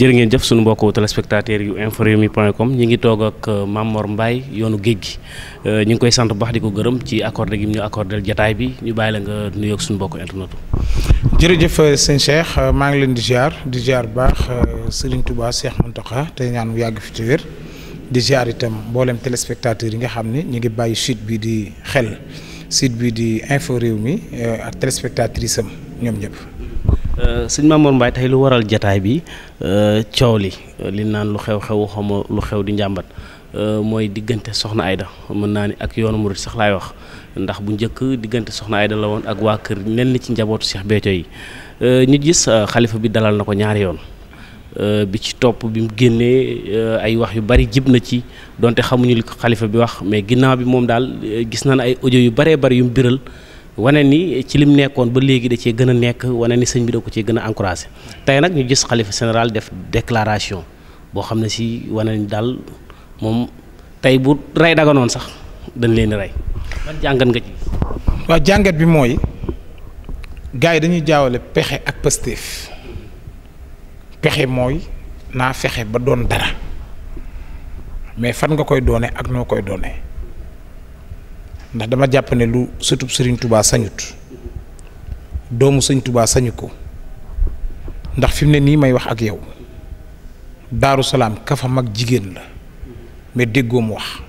jër ngeen jëf suñu mbokku téléspectateur yu info rewmi point com ñi ngi toog ak euh, Mamor Mbaye yoonu géej gi euh, ñu ngi koy sant bu di ko gërëm ci accordé gi ñu accordé jataay bi ñu bàyyi la nga nuyoog suñu mbokku internet. jërëjëf euh, sëñ maa ngi leen di ziar di ziar bu baax Serigne Touba Cheikh Mountakha tey ñaan mu yàgg fi ci wér di ziar itam mboolem téléspectateur yi nga xam ne ñu ngi bàyyi suite bi di xel. site bi di info réew mi euh, ak téléspectatrice am ñoom ñëpp. Euh, sëñ Mamour Mbaye tey lu waral jataay bi euh, coow li li naan lu xew xew xawma lu xew di njàmbat mooy diggante soxna Aida mën naa ni ak yoonu murit sax laay wax ndax bu njëkk diggante soxna Aida la woon ak waa kër ñenn ci njabootu seex Béthio yi ñu gis xalifa bi dalal na ko ñaari yoon. Euh, bi ci topp bi mu génnee euh, ay wax yu bari jib na ci donte xamuñu li ko xalifa bi wax mais ginnaaw bi moom daal euh, gis nañ ay ojo yu baree bari yu mu biral wane ni ci lim nekkoon ba léegi da cee gën a nekk wane ni sëñ bi da ko cee gën a encouragé tey nag ñu gis xalifa général def déclaration boo xam ne si wane daal moom tey bu rey daganoon sax dañ leen rey jàngat nga ci. waaw jàngat bi mooy gars dañuy jaawale pexe ak Pastef pexe mooy naa fexe ba doon dara mais fan nga koy doone ak noo koy doone ndax dama jàpp ne lu sëtub sëriñ tubaa sañut doomu sëñ tubaa sañu ko ndax fi mu ne nii may wax ak yow daaru salaam kafa mag jigéen la mais déggoo mu wax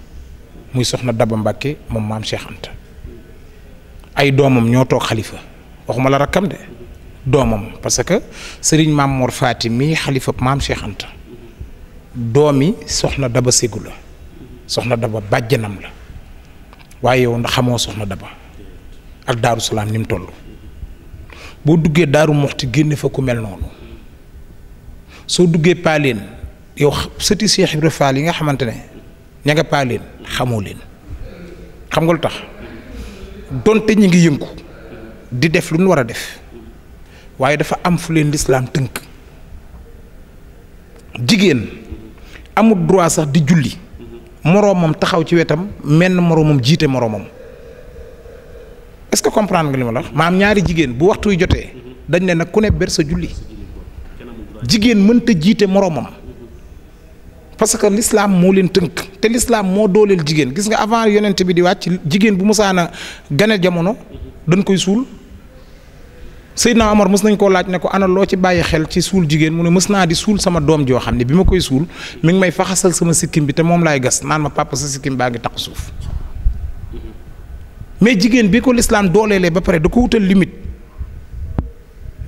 muy soxna Daba Mbàkke moom maam Cheikh ay doomam ñoo toog xalifa waxuma la rakkam de doomam parce que sëriñ maam Mor Faati mii xalifa maam Cheikh doomi soxna daba ségu la soxna daba bàjjanam la waaye yow ndax xamoo soxna daba ak daaru salaam ni toll boo duggee daaru moxti génne fa ku mel noonu soo duggee paaleen yow sëti Cheikh Ibra Fall yi nga xamante ne ña nga xamoo leen xam nga lu tax donte ñi ngi yëngu di def lu ñu war a def waaye dafa am fu leen lislaam tënk jigéen amut droit sax di julli moroomam taxaw ci wetam menn moroomam jiite moroomam est-ce que comprendre nga li ma la wax maam ñaari jigéen bu waxtu yu jotee dañ leen nag ku ne ber sa julli jigéen mënta jiite moroomam parce que l'islam moo leen tënk te l'islam moo dooleel jigéen gis nga avant yonent bi di wàcc jigéen bu musaana gane jamono dañ koy suul Seydina Omar mës nañ koo laaj ne ko ana loo ci bàyyi xel ci suul jigéen mu ne mës naa di suul sama doom joo xam ne bi ma koy suul mi ngi may faxasal sama sikkim bi te moom laay gas naan ma papa sa sikkim baa ngi taq suuf mais jigéen bi ko lislaam dooleelee ba pare da ko wutal limite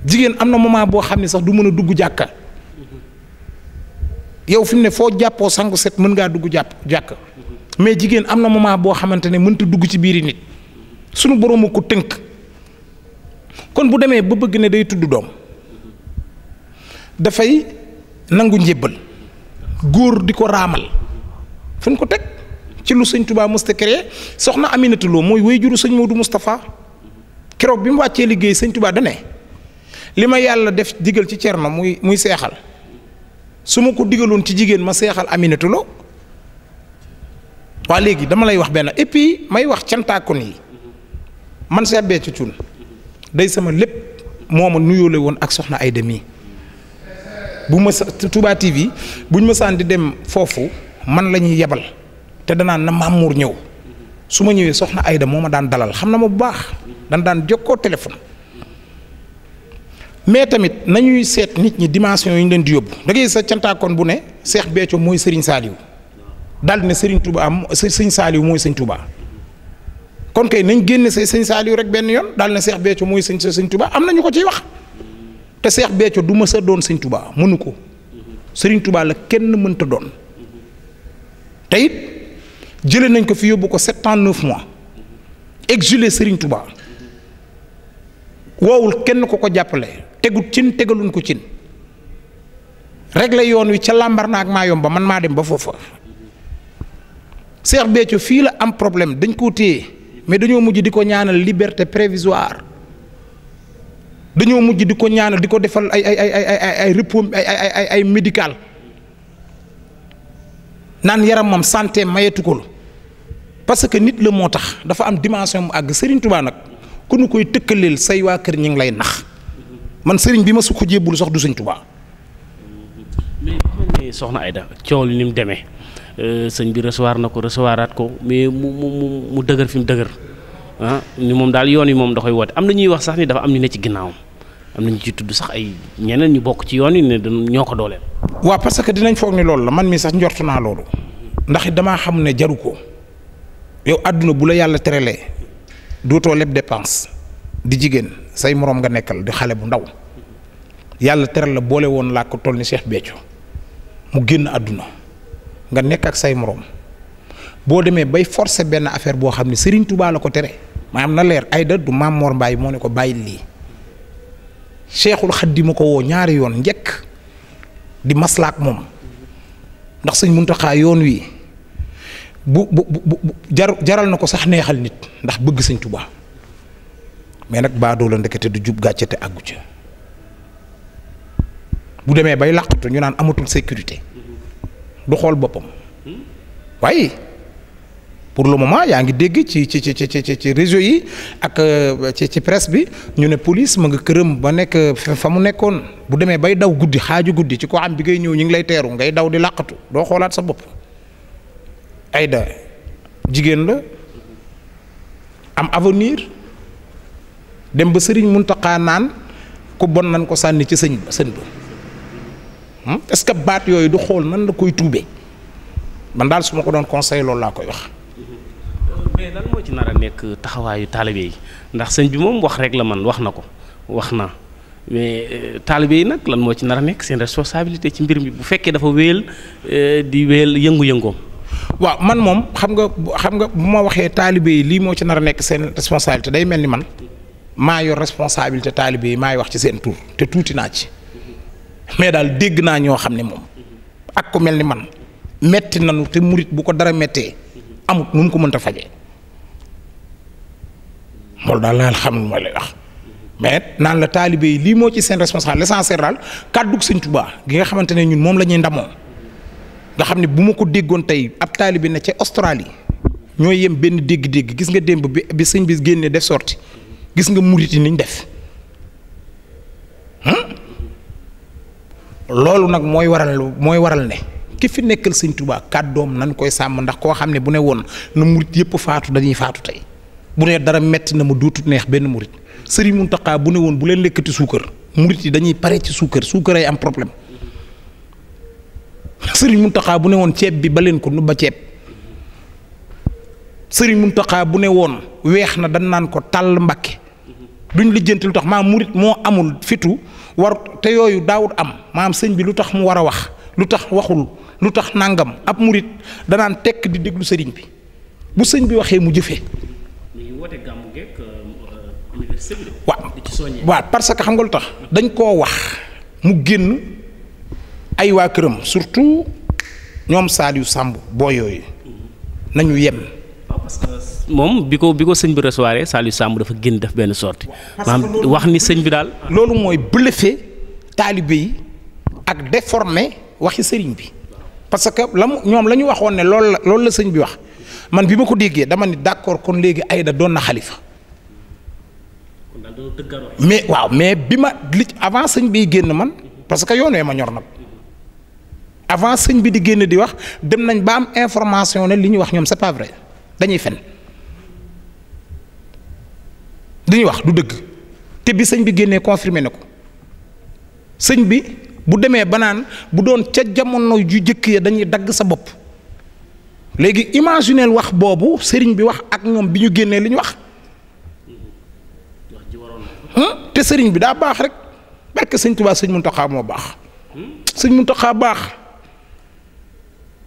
jigéen am na moment boo xam ne sax du mën a dugg jàkka yow fi mu ne foo jàppoo sangu set mën ngaa dugg jàpp jàkka mais jigéen am na moment boo xamante ne mënta dugg ci biir yi nit sunu borom ko tënk. kon bu demee ba bëgg ne day tudd doom dafay nangu njébbal góor di ko raamal fu ko teg ci lu sëñ Touba musta créé soxna Aminata mooy wéy juru sëñ Modou Moustapha keroog bi mu wàccee liggéey sëñ Touba da li ma yàlla def digal ci cerno muy muy seexal su ma ko digaloon ci jigéen ma seexal Aminata waa léegi dama lay wax benn et puis may wax cantaakon yi man seet bee ci cuun day sama lépp moo ma nuyoole woon ak soxna ay dem yi bu ma Touba TV buñ ma saan di dem foofu man la ñuy yebal te danaan na Mamour ñëw su ma ñëwee soxna Ayda moo ma daan dalal xam na ma bu baax dan daan jokkoo téléphone mais tamit nañuy seet nit ñi dimension yi ñu leen di yóbbu da ngay sa cantaakoon bu ne Cheikh Béthio mooy Serigne Saliou daal di ne Serigne Touba am Serigne Saliou mooy Serigne Touba kon kay nañ génne sa sëñ Saaliw rek benn yoon daal na Seex Béthio mooy sëñ sa sëñ Tuubaa am na ñu ko ciy wax te Seex Béthio du ma sa doon sëñ Tuubaa mënu ko sëriñ Tuubaa la kenn mënta doon tey jële nañ ko fi yóbbu ko sept ans neuf mois exilé sëriñ Tuubaa wowul kenn ko ko jàppale tegut cin tegaluñ ko cin réglé yoon wi ca làmbar na ak maa yomba man maa dem ba foofa Seex Béthio fii la am problème dañ koo téye. mais dañoo mujj di ko ñaanal liberté provisoire dañoo mujj di ko ñaanal di ko defal ay ay ay ay ay repos ay ay ay médical naan yaramam santé mayetu ko parce que nit la moo tax dafa am dimension mu àgg Serigne Touba nag ku nu koy tëkkaleel say waa kër ñi ngi lay nax man Serigne bi ma su ko jébbul sox du Serigne Touba. mais soxna Aida coow li ni mu demee Euh, sëñ bi recevoir na ko recevoiraat ko mais mu mu mu mu dëgër fi mu dëgër ah ni moom daal yoon yi moom da koy woote am na ñuy wax sax ni dafa am ñu ne ci ginnaawam am na ñu ci tudd sax ay ñeneen ñu bokk ci yoon wi ne ñoo ko dooleel. waaw parce que dinañ foog ni loolu la man mii sax njortu naa ndax it damaa xam ne jaru ko yow àdduna bu la yàlla terelee dootoo leb dépense di jigéen say moroom nga nekkal di xale bu ndaw yàlla teral la boole woon laa ko toll ni mu génn àdduna. nga nek ak say morom bo force bay forcer ben affaire bo xamni Serigne Touba lako téré tere maanaam na ay da du mam Mor mbay mo ne ko bàyyi li Cheikhul Khadim ko wo ñaari yoon ñek di maslak mom. ndax serigne Muntaxa yoon wi bu bu bu jaral nako sax neexal nit ndax bëgg serigne Touba mais ba do la ndekete du jup gàcce agu ci bu démé bay làqatu ñu naan amatul sécurité du xol bopam waye pour le moment yaangi deg dégg ci ci ci ci ci réseau yi ak euh, ci ci presse bi ñu ne police ma nga kërëm ba nek fa mu nekkoon bu démé bay daw guddii xaju nyu ci ko am bi ngay ñew ñi ngi lay téru ngay daw di laqatu do xolaat sa bopp Aida jigen la am avenir dem ba serigne muntaka nan ku bon nan ko sanni ci serigne serigne Hmm? est-ce que baat yooyu du xool nan la koy tuubee man daal su ma ko doon conseil loolu laa koy wax. mais lan moo ci nar nekk taxawaayu taalibe yi ndax sëñ bi moom wax rek la man wax na ko wax na mais euh, taalibe yi nag lan moo ci nar a nekk seen responsabilité ci mbir mi bu fekkee dafa wéel euh, di wéel yëngu waaw man moom xam nga xam nga ma waxee taalibe yi lii moo ci nar a nekk seen responsabilité day mel ni man maa yor responsabilité taalibe yi maay wax ci seen tur te tuuti naa ci. mais daal dégg naa ñoo xam ne moom ak ku mel ni man metti nañu te murit bu ko dara mettee amut nu mu ko mënta faje loolu daal laa xam ne mooy lay wax mais naan la taalibe yi lii moo ci seen responsable l'essentiel daal kàddug Sëñ Tuubaa gi nga xamante ne ñun moom la ñuy ndamoo nga xam ne bu ma ko déggoon tey ab taalibe na ci Australie ñoo yem benn dégg-dégg gis nga démb bi bi sëñ bi génnee def sorti gis nga murit yi niñ def. loolu nag mooy waral mooy waral ne ki fi nekkal sëñ Tuubaa kàddoom nañ koy sàmm ndax koo xam ne bu ne woon na murit yëpp faatu dañuy faatu tey bu ne dara metti na ma duutut neex benn murit sëriñ Muntaxa bu ne woon bu leen lekkati suukar murit yi dañuy pare ci suukar suukar am problème sëriñ Muntaxa bu ne woon ceeb bi ba leen ko nu ba ceeb sëriñ Muntaxa bu ne woon weex na dañ naan ko tàll mbakke duñ lijjanti lu tax maa murit moo amul fitu war te yooyu daawut am maanaam sëñ bi lu tax mu war a wax lu tax waxul lu tax nàngam ab murit danaan tekk di déglu sëriñ bi bu sëñ bi waxee mu jëfee. Euh, waaw waaw parce que xam nga lu tax dañ koo wax mu génn ay waa këram surtout ñoom yu Samb boo yooyu mm-hmm. nañu yem. moom bi ko bi ko sëñ bi recevoir Saliou Samb dafa génn def benn sortie maanaam wax ni sëñ bi daal. loolu mooy bëlëfee taalibe yi ak déformé waxi sëriñ bi parce que la mu ñoom la ñu waxoon ne loolu la loolu la sëñ bi wax man bi ma ko déggee dama ni d'accord kon léegi ayda doon na xalifa. mais waaw mais bi ma li avant sëñ biy génn man parce que yoon wee ma ñor nag avant sëñ bi di génn di wax dem nañ ba am information ne li ñu wax ñoom c'est pas vrai dañuy fen li ñuy wax du dëgg te bi sëñ bi génnee confirmé na ko sëñ bi bu demee banaan bu doon ca jamono ju jëkk ya dañuy dagg sa bopp léegi imagineel wax boobu sëriñ bi wax ak ñoom bi ñu génnee li ñu wax te sëriñ bi daa baax rek barke sëñ tubaa sëñ Muntaxa moo baax sëñ Muntaxa baax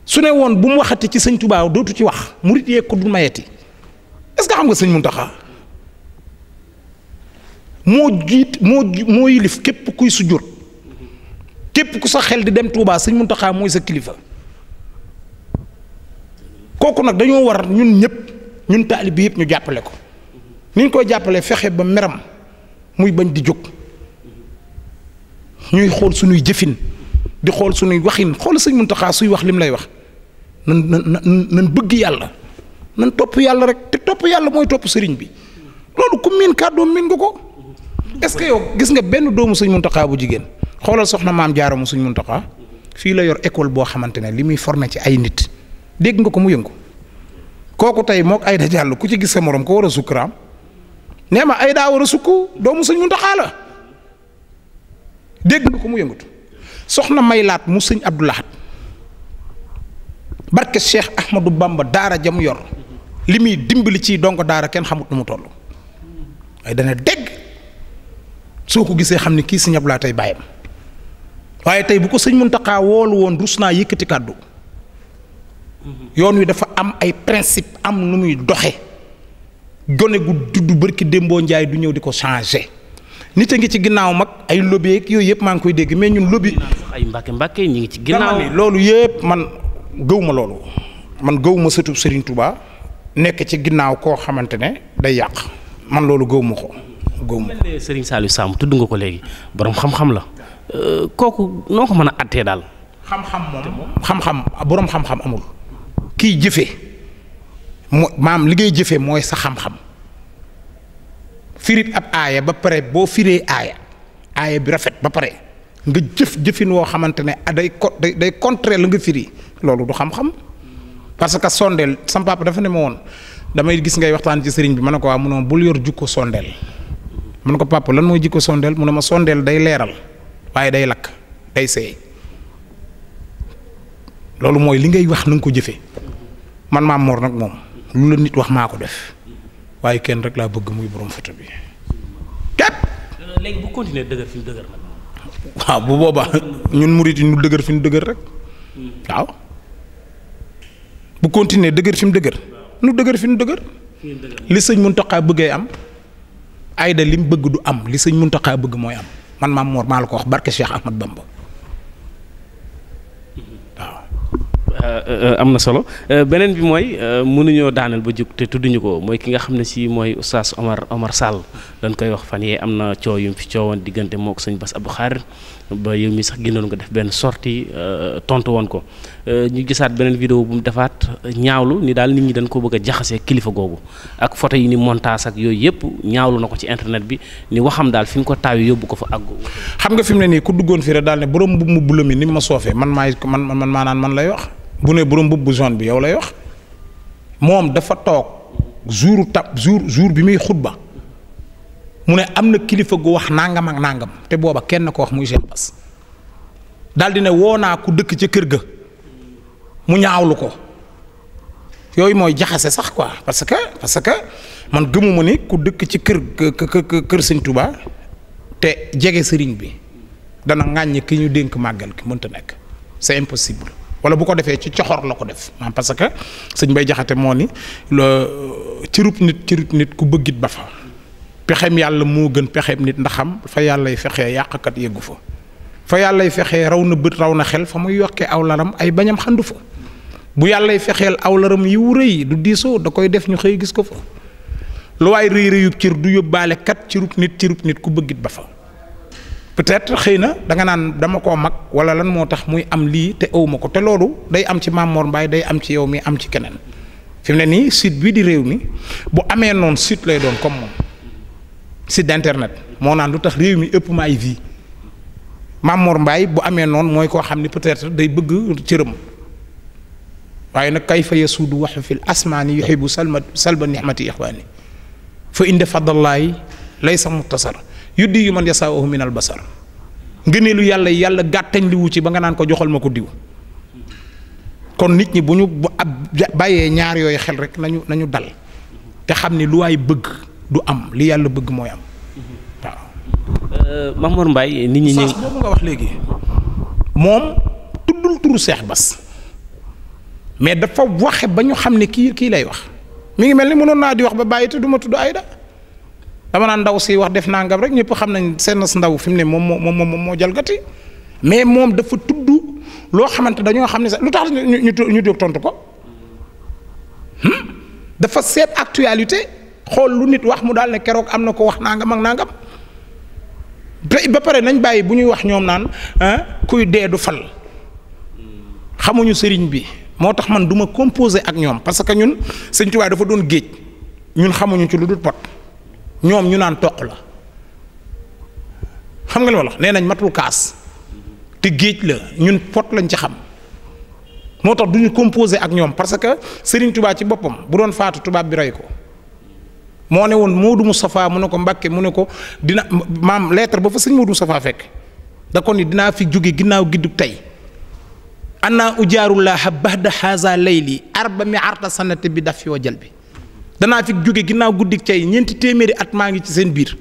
su ne woon bu mu waxati ci sëñ Tuubaa dootu ci wax murit yee ko du yi est-ce que xam nga sëñ Muntaxa moo jiit moo moo yilif képp kuy sujjóot képp ku sa xel di dem Touba sëñ Muntaxa mooy sa kilifa kooku nag dañoo war ñun ñëpp ñun bi yëpp ñu jàppale ko niñ ñu koy jàppale fexe ba meram muy bañ di jóg ñuy xool suñuy jëfin di xool suñuy waxin xool sëñ Muntaxa suy wax lim lay wax nan nan nan bëgg yàlla nan topp yàlla rek te topp yàlla mooy topp sëriñ bi loolu ku miin kàddoom miin nga ko. est-ce que yow gis nga benn doomu suñ muntaxaa bu jigéen xoolal soxna maam jaara mu suñ muntaxaa fii la yor école boo xamante ne li muy formé ci ay nit dégg nga ko mu yëngu kooku tey mook Aïda Diallo ku ci gis sa morom ko war a sukkuraam nee ma Aïda war a sukk doomu suñ muntaxaa dégg nga ko mu yëngatu soxna maylaat laat mu sëñ Abdou Lahad barke Cheikh Ahmadou Bamba daara jam yor li muy dimbali ci dongo daara kenn xamut nu mu toll ay dana dégg soo ko gisee xam ne kii sëñ Abdou Lahad tey bàyyam waaye tey bu ko sëñ Muntaxa woolu woon rus naa yëkkati kàddu yoon wi dafa am ay principe am nu muy doxe gone gu dudd bërki démboo njaay du ñëw di ko changé nit a ngi ci ginnaaw mag ay lobby yooyu yëpp maa ngi koy dégg mais ñun lobby ay mbàkke mbàkke ñi ngi ci ginnaaw loolu yëpp man gëwuma loolu man gëwuma sëtu Serigne Touba nekk ci ginnaaw koo xamante ne day yàq man loolu gëwuma ko gum Serigne Saliou sam tuddu nga ko legi borom xam-xam la euh, koku noko ko mën dal xam-xam mom xam-xam borom xam-xam amul. ki jëfé maam li jëfé moy sa xam-xam firit ab aya ba paré bo firé aya aya bi rafet ba paré nga jëf jëfin wo xamantene ah, day day contrer nga firi loolu du xam-xam parce que sondel sam papa dafa ne mo won damay gis ngay waxtan ci serigne bi manako wa bul yor jukko sondel mun ko papa lan moy jikko sondel, mu ne ma sondeel day leral waye day lak day sey lolou moy li ngay wax nang ko man maam mor nak mom lu la nit wax mako def waye kenn rek la bëgg muy borom photo bi kep léegi bu continuer deugar fi deugar nak waaw bu boba ñun murit ñu deugar fi deugar rek waaw bu continuer deugar fi deugar nu deugar fi mu dëgër li seigne muntaka bëggay am. ay Aida lim bëgg du am li sëñ Muntaxa bëgg mooy am man maam Mor maa la ko wax barke Cheikh Ahmad Bamba Euh, euh, euh, amna solo benen bi munu mënuñoo daanal ba juk te tuddu ko moy ki nga xamne ci si oustaz Omar Omar Sall dañ koy wax fan yee amna cio coow yu fi cio won digante mok seigne Bass abou khar ba yow mi sax génnoon nga def ben sorti tontu won ko ñu gisaat benen video bu mu defaat ñaawlu ni dal nit ñi dañ ko bëgg jaxase kilifa gogu ak photo yi ni montage ak yoy yep ñaawlu nako ci internet bi ni waxam dal fim ko tawi yobbu ko fa aggu xam nga fim ne ni ku duggon fi re dal ne borom bu mu bulumi ni ma sofé man maay man man man lay wax bu ne borom mbubb bu zone bi yow lay wax moom dafa toog jour tab jour jour bi muy xutba mu ne am na kilifa gu wax nangam ak nangam te booba kenn ko wax muy Cheikh Bass daal di ne woo naa ku dëkk ca kër ga mu ñaawlu ko yooyu mooy jaxase sax quoi parce que parce que man gëmuma ni ku dëkk ci kër kër sëñ Touba te jege sëriñ bi dana ŋàññ ki ñu dénk màggal ki mënta nekk c'est impossible wala bu ko defee ci coxoor la ko def ah parce que sëñ Bay Jaxate moo ni cirub nit cirub nit ku bëggit ba fa pexem yàlla moo gën pexem nit ndaxam fa yàlla yàllay fexee yàqkat yeggu fa fa yàllay fexe raw na bët raw na xel fa muy yokkee aw laram ay bañam xandu fa bu yàllay fexeel aw laram yi wu rëy du diisoo da koy def ñu xëy gis ko fa lu waay rëy rëyub cir du yóbbaale kat cirub nit cirub nit ku bëggit ba fa peut-être xëy na danga naan dama koo mag wala lan moo tax muy am lii te awma ko te loolu day am ci Maam Mor Mbaye day am ci yow mii am ci keneen fi mu ne nii sit bii di réew mi bu amee noon site lay doon comme moom site internet moo naan lu tax réew mi ëpp ma ay vie Maam Mor bu amee noon mooy koo xam ne peut-être day bëgg cëram waaye nag kayfa yasuudu waxu fil asmaani yuxibu salma salba nixmati ixwaani fa inde fadallaayi laysa muttasar yuddi yu man min al basar ngëneelu yalla yàlla gàttañ liwu ci ba nga nan ko joxal mako diw kon nit ñi buñu baye ab ñaar yoy xel rek nañu nañu dal te xamni ni lu way bëgg du am li yalla bëgg moy am waaw. Euh, Mamour mbay nit ñi. saas nga wax legi mom tuddul turu cheikh Bas mais dafa waxe bañu xamni ki ki lay wax mi ngi melni mënon na di wax ba te Ayda. dama naan ndaw si wax def nangam rek ñëpp xam nañ seen ndaw fi mu ne moom moo moom moo jalgati mais moom dafa tudd loo xamante dañoo xam ne sax lu tax ñu ñu ñu jóg tontu ko hmm? dafa seet actualité xool lu nit wax mu daal ne keroog am na ko wax nangam ak nangam ba pare nañ bàyyi bu ñuy wax ñoom naan kuy dee du xamuñu sëriñ bi moo tax man du composé ak ñoom parce que ñun sëñ dafa doon géej ñun xamuñu ci lu dul pot. ñom ñu naan tok la xam nga wala nenañ matul kaas te geej la ñun pot lañ ci xam motax duñu composer ak ñom parce que Serigne Touba ci bopam bu doon faatu touba bi rey ko mo ne woon Moodu Moustapha mu ne ko mbacke mu ne ko dina mam lettre ba fa serigne modou mustapha fek da ko ni dina fi ginaaw giddu tay ana ujarullah bahda haza layli arba mi arta sanate bi dafi yoo danaa fi jóge ginnaaw guddi cay ñeenti téeméeri at maa ngi ci seen biir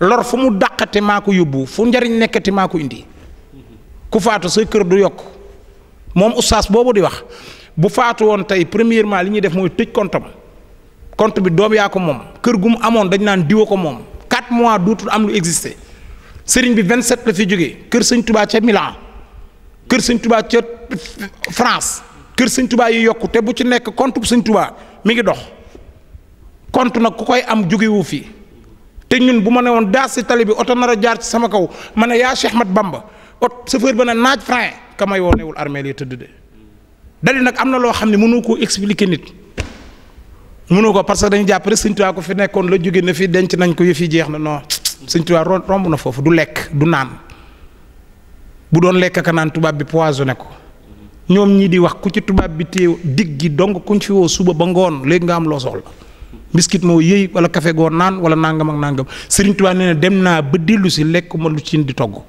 lor fu mu dàqate maa yóbbu fu njariñ nekkati maa ko indi ku faatu sa kër du yokk moom oustaz boobu di wax bu faatu woon tey premièrement li ñuy def mooy tëj kontam kont bi doom yaa ko moom kër gu mu amoon dañ naan diwa ko moom quatre mois dootul am lu existé sëriñ bi vingt 27 la fi jógee kër sëñ tubaa ca Milan kër sëñ tubaa ca France kër sëñ tubaa yi yokku te bu ci nekk compte sëñ tubaa mi ngi dox compte nag ku koy am jógewu fi te ñun bu ma ne woon daas si tali bi oto nar a jaar ci sama kaw ma ne yaa Cheikh Mat Bamba ot chauffeur ba ne naaj frein ka may woo newul armée li tëdd de dali nag am na loo xam ne mënu koo expliquer nit mënu ko parce que dañu jàpp rek ko fi nekkoon la jóge na fi denc nañ ko yëf yi jeex na non Sëñ Tuubaa romb na foofu du lekk du naan bu doon lekk ka naan tubaab bi poisonné ko ñoom ñii di wax ku ci tubaab bi t digg gi dong kuñ fi suba ba ngoon léegi nga am loo soxla. biscuit moo yëy wala café goo naan wala nangam ak nangam Serigne na dem naa ba dellu si lekk ma lu cin di togg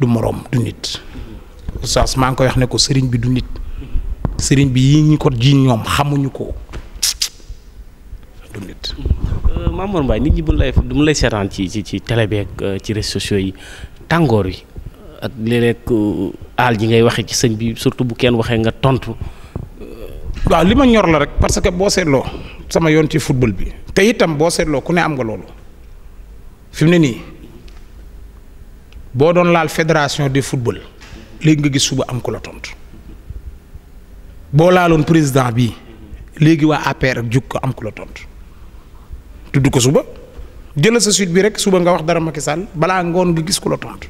du moroom du nit. oustaz maa ngi koy wax ne ko Serigne bi du nit bi yi ñu ko ji ñoom xamuñu ko du nit. Euh, Mamour Mbaye nit ñi bu lay bu lay seetaan ci ci ci télé beeg euh, ci réseaux sociaux yi tàngoor yi ak léeg-léeg euh, al ji ngay waxee ci sëñ bi surtout bu kenn waxee nga tontu. waaw li ma ñor la rek parce que boo seetloo. sama yoon ci football bi te itam boo seetloo ku ne am nga loolu fi mu ne nii laal fédération de football léegi nga gis suba am ku la tontu boo laaloon président bi léegi waa APR ak jug ko am ku la tontu tudd ko suba jëlal sa suite bi rek suba nga wax dara Macky Sall balaa ngoon nga gis ku la tontu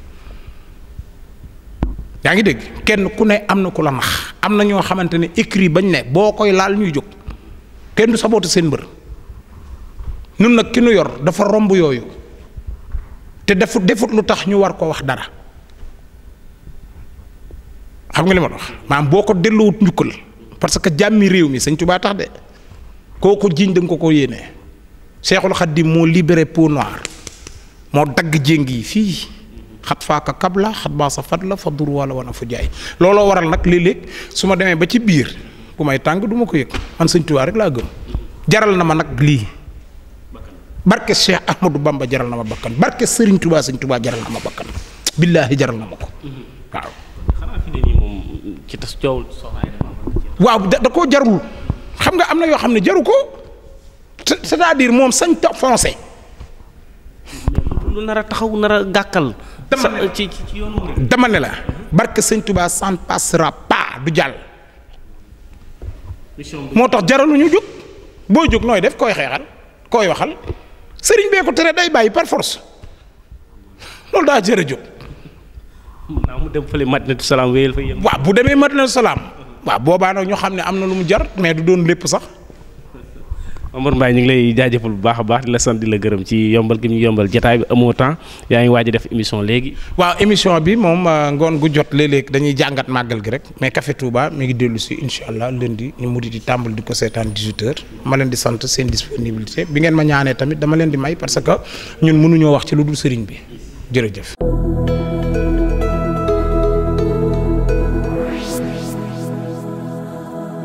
yaa ngi kenn ku ne am na la nax am na ñoo écrit bañ ne boo laal ñuy jóg kenn du saboote seen mbeur nun nak ki nu yor dafa romb yoyu te defut defut lu tax ñu war ko wax dara xam nga li ma wax maam boko delu wut ñukul parce que jammi rew mi sëñ tubaa tax de koku jiñ jiiñ ko ko yéene cheikhul khadim mo libéré peau noir mo dag jéng yi khat fa ka kabla khat ba sa la fadur wala wana fujay lolo waral nak lelek suma su ba ci bir bu may tàng du ko yek man seigne touba rek la gëm jaral na ma nak li barke Cheikh Ahmadou Bamba jaral na ma bakkan barke seigne Touba seigne Touba jaral na ma bakkan billahi jaral na mako waaw. xana fi ne nii moom ci tas coow waaw da ko jarul xam nga amna yo xamne jaruko c'est-à-dire mom seigne top français lu taxaw nara gakal dama ci ci yoonu. dama ne la barke seigne Touba sans passera pas du jàll. moo tax jaralu ñu jóg boo jóg nooy def koy xeexal koy waxal sëriñ bee ko tere day bàyyi par force loolu daa jër a jóg. waaw mu dem fële Madinatu Salaam wéyal fa yëngu. waaw bu demee Madinatu Salaam. waaw boobaa nag ñu xam ne am na lu mu jar mais du doon lépp sax. Omar Mbaye ñu ngi lay jaajëfal bu baax a baax di la sant di la gërëm ci yombal gi ñu yombal jotaay bi amoo temps yaa ngi waaj a def émission léegi. waaw émission bi moom euh, ngoon gu jot léeg-léeg dañuy jàngat màggal gi rek mais Café Touba mi ngi dellu si incha allah lundi ñu mu di tàmbali di ko seetaan 18h ma leen di sant seen disponibilité bi ngeen ma ñaanee tamit dama leen di may parce que ñun mënuñoo wax ci lu dul sëriñ bi jërëjëf.